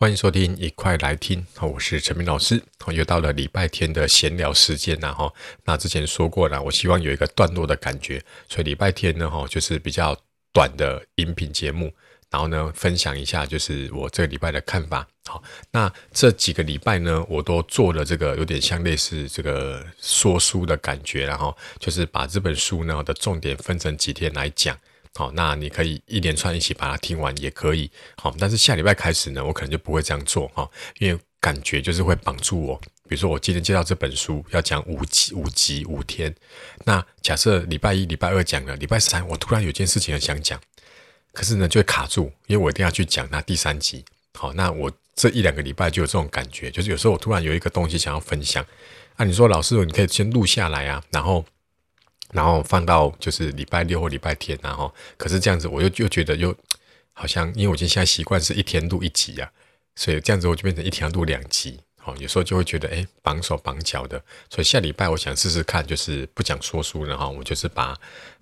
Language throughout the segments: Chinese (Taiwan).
歡迎收聽，一塊來聽，我是陳明老師。又到了禮拜天的閒聊時間。那之前說過了，我希望有一個段落的感覺，所以禮拜天呢，就是比較短的音頻節目，然後呢，分享一下就是我這個禮拜的看法。好，那這幾個禮拜呢，我都做了這個有點像類似這個說書的感覺，然後就是把這本書呢的重點分成幾天來講。好、哦，那你可以一連串一起把它聽完也可以。好、哦，但是下禮拜開始呢，我可能就不會這樣做哈、哦，因為感覺就是會綁住我。比如說，我今天介紹這本書要講五集，五集五天。那假設禮拜一、禮拜二講了，禮拜三我突然有件事情想講，可是呢就會卡住，因為我一定要去講那第三集。好、哦，那我這一兩個禮拜就有這種感覺，就是有時候我突然有一個東西想要分享，那、啊、你說老師，你可以先錄下來啊，然後。然後放到就是禮拜六或禮拜天，啊，然後可是這樣子，我又又覺得又好像，因為我已經現在習慣是一天錄一集啊，所以這樣子我就變成一天錄兩集，有時候就會覺得哎，欸，綁手綁腳的，所以下禮拜我想試試看，就是不講說書，然後我就是把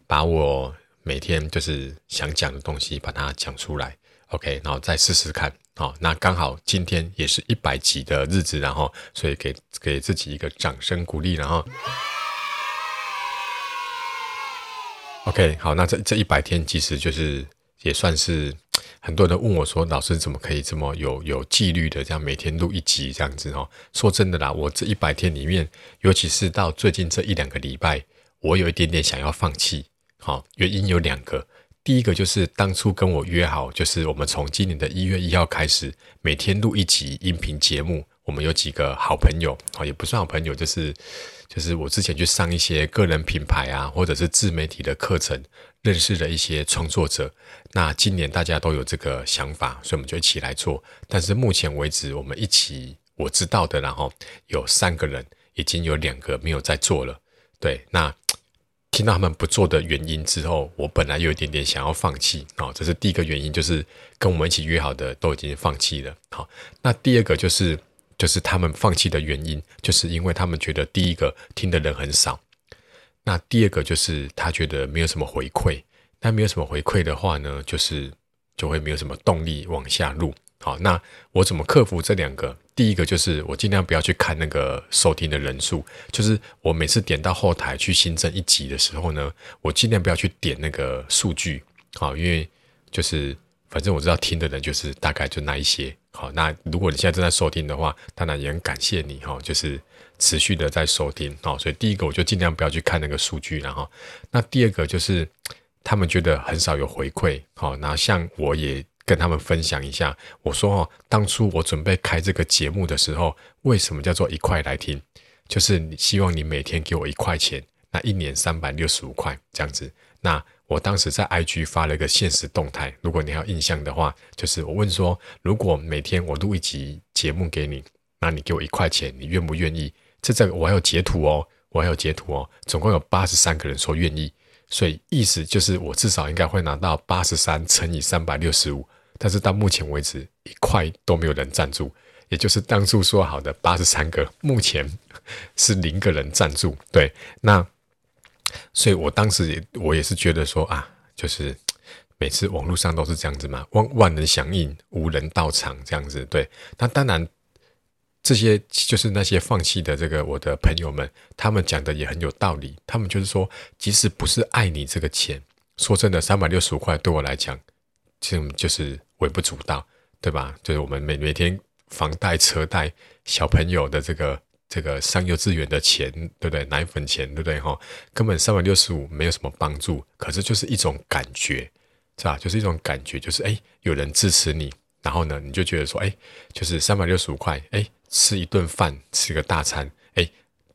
把我每天就是想講的東西把它講出來，OK，然後再試試看，哦。那剛好今天也是一百集的日子，然後所以給給自己一個掌聲鼓勵，然後。OK，好，那這這一百天其實就是也算是很多人問我說，老師怎麼可以這麼有有紀律的這樣每天錄一集這樣子哦？說真的啦，我這一百天裡面，尤其是到最近這一兩個禮拜，我有一點點想要放棄。好，哦，原因有兩個，第一個就是當初跟我約好，就是我們從今年的一月一號開始，每天錄一集音頻節目。我們有幾個好朋友，也不算好朋友，就是就是我之前去上一些個人品牌啊，或者是自媒體的課程，認識了一些創作者。那今年大家都有這個想法，所以我們就一起來做。但是目前為止，我們一起我知道的，然後，哦，有三個人，已經有兩個沒有在做了。對，那聽到他們不做的原因之後，我本來有一點點想要放棄啊，哦。這是第一個原因，就是跟我們一起約好的都已經放棄了。好，哦，那第二個就是。就是他們放棄的原因，就是因為他們覺得第一個聽的人很少，那第二個就是他覺得沒有什麼回饋。那沒有什麼回饋的話呢，就是就會沒有什麼動力往下錄。好，那我怎麼克服這兩個？第一個就是我儘量不要去看那個收聽的人數，就是我每次點到後台去新增一集的時候呢，我儘量不要去點那個數據，好，因為就是。反正我知道聽的人就是大概就那一些，好，那如果你現在正在收聽的話，當然也很感謝你、哦、就是持續的在收聽，好、哦，所以第一個我就儘量不要去看那個數據了哈、啊。那第二個就是他們覺得很少有回饋，哦、然後那像我也跟他們分享一下，我說，當初我準備開這個節目的時候，為什麼叫做一塊來聽？就是希望你每天給我一塊錢，那一年三百六十五塊這樣子。那我當時在 IG 發了一個限時動態，如果你還有印象的話，就是我問說，如果每天我錄一集節目給你，那你給我一塊錢，你願不願意？這這個我還有截圖哦，我還有截圖哦，總共有八十三個人說願意，所以意思就是我至少應該會拿到八十三乘以三百六十五，但是到目前為止一塊都沒有人贊助，也就是當初說好的八十三個，目前是零個人贊助。對，那。所以我當時也，我也是覺得說啊，就是每次網絡上都是這樣子嘛，萬萬人響應，無人到場這樣子。對，那當然這些就是那些放棄的這個我的朋友們，他們講的也很有道理。他們就是說，即使不是愛你這個錢，說真的，三百六十五塊對我來講，就就是微不足道，對吧？就是我們每每天房貸、車貸、小朋友的這個。這個上幼稚園的錢，對不對？奶粉錢，對不對？哈、哦，根本三百六十五沒有什麼幫助，可是就是一種感覺，是吧？就是一種感覺，就是哎，有人支持你，然後呢，你就覺得說，哎，就是三百六十五塊，哎，吃一頓飯，吃個大餐。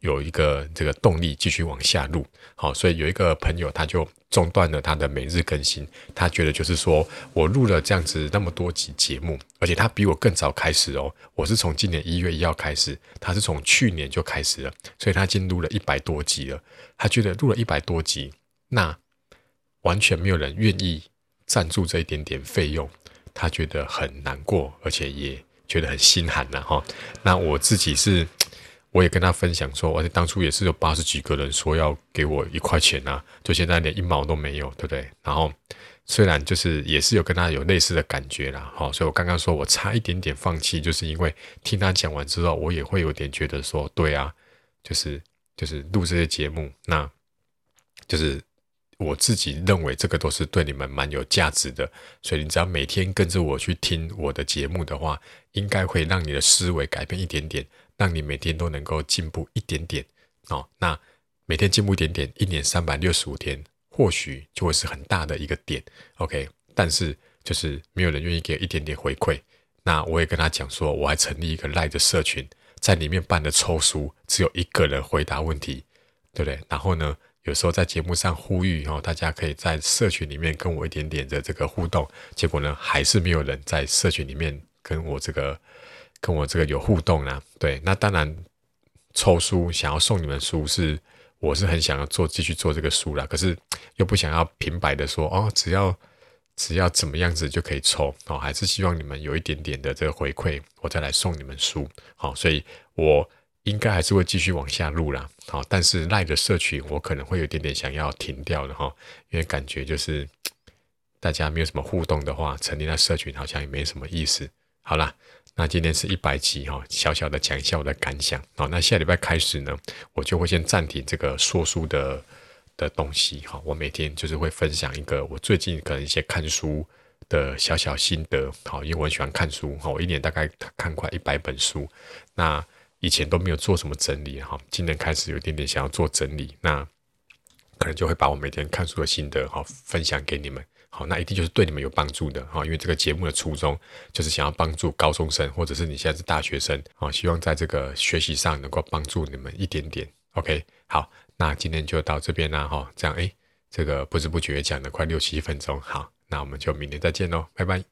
有一個這個動力繼續往下錄，好、哦，所以有一個朋友他就中斷了他的每日更新，他覺得就是說我錄了這樣子那麼多集節目，而且他比我更早開始哦，我是從今年一月一號開始，他是從去年就開始了，所以他已經錄了一百多集了，他覺得錄了一百多集，那完全沒有人願意贊助這一點點費用，他覺得很難過，而且也覺得很心寒了、啊。哈、哦，那我自己是。我也跟他分享說，而且當初也是有八十幾個人說要給我一塊錢啊，就現在連一毛都沒有，對不對？然後雖然就是也是有跟他有類似的感覺啦，好、哦，所以我剛剛說我差一點點放棄，就是因為聽他講完之後，我也會有點覺得說，對啊，就是就是錄這些節目，那就是。我自己認為這個都是對你們蠻有價值的，所以你只要每天跟着我去聽我的節目的話，應該會讓你的思維改變一點點，讓你每天都能夠進步一點點。哦，那每天進步一點點，一年三百六十五天，或許就會是很大的一個點。OK，但是就是沒有人願意給一點點回饋。那我也跟他講說，我還成立一個 LINE 的社群，在裡面辦的抽書，只有一個人回答問題，對不對？然後呢？有時候在節目上呼籲，大家可以在社群裡面跟我一點點的這個互動，結果呢，還是沒有人在社群裡面跟我這個跟我這個有互動啦，對，那當然，抽書想要送你們書是，是我是很想要做繼續做這個書啦，可是又不想要平白的說，哦，只要只要怎麼樣子就可以抽，哦，還是希望你們有一點點的這個回饋，我再來送你們書，好，哦，所以我應該還是會繼續往下錄啦。好，但是賴的社群，我可能會有一點點想要停掉的哈，因為感覺就是大家沒有什麼互動的話，成立那社群好像也沒什麼意思。好啦，那今天是一百集哈，小小的講一下我的感想。好，那下禮拜開始呢，我就會先暫停這個說書的的東西。好，我每天就是會分享一個我最近可能一些看書的小小心得。好，因為我喜歡看書，好，我一年大概看快一百本書。那以前都沒有做什麼整理哈，今年開始有一點點想要做整理，那可能就會把我每天看書的心得，好，分享給你們，好，那一定就是對你們有幫助的哈，因為這個節目的初衷就是想要幫助高中生或者是你現在是大學生，好，希望在這個學習上能夠幫助你們一點點。OK，好，那今天就到這邊啦，啊，哈，這樣哎，這個不知不覺講了快六七分鐘，好，那我們就明天再見咯，拜拜。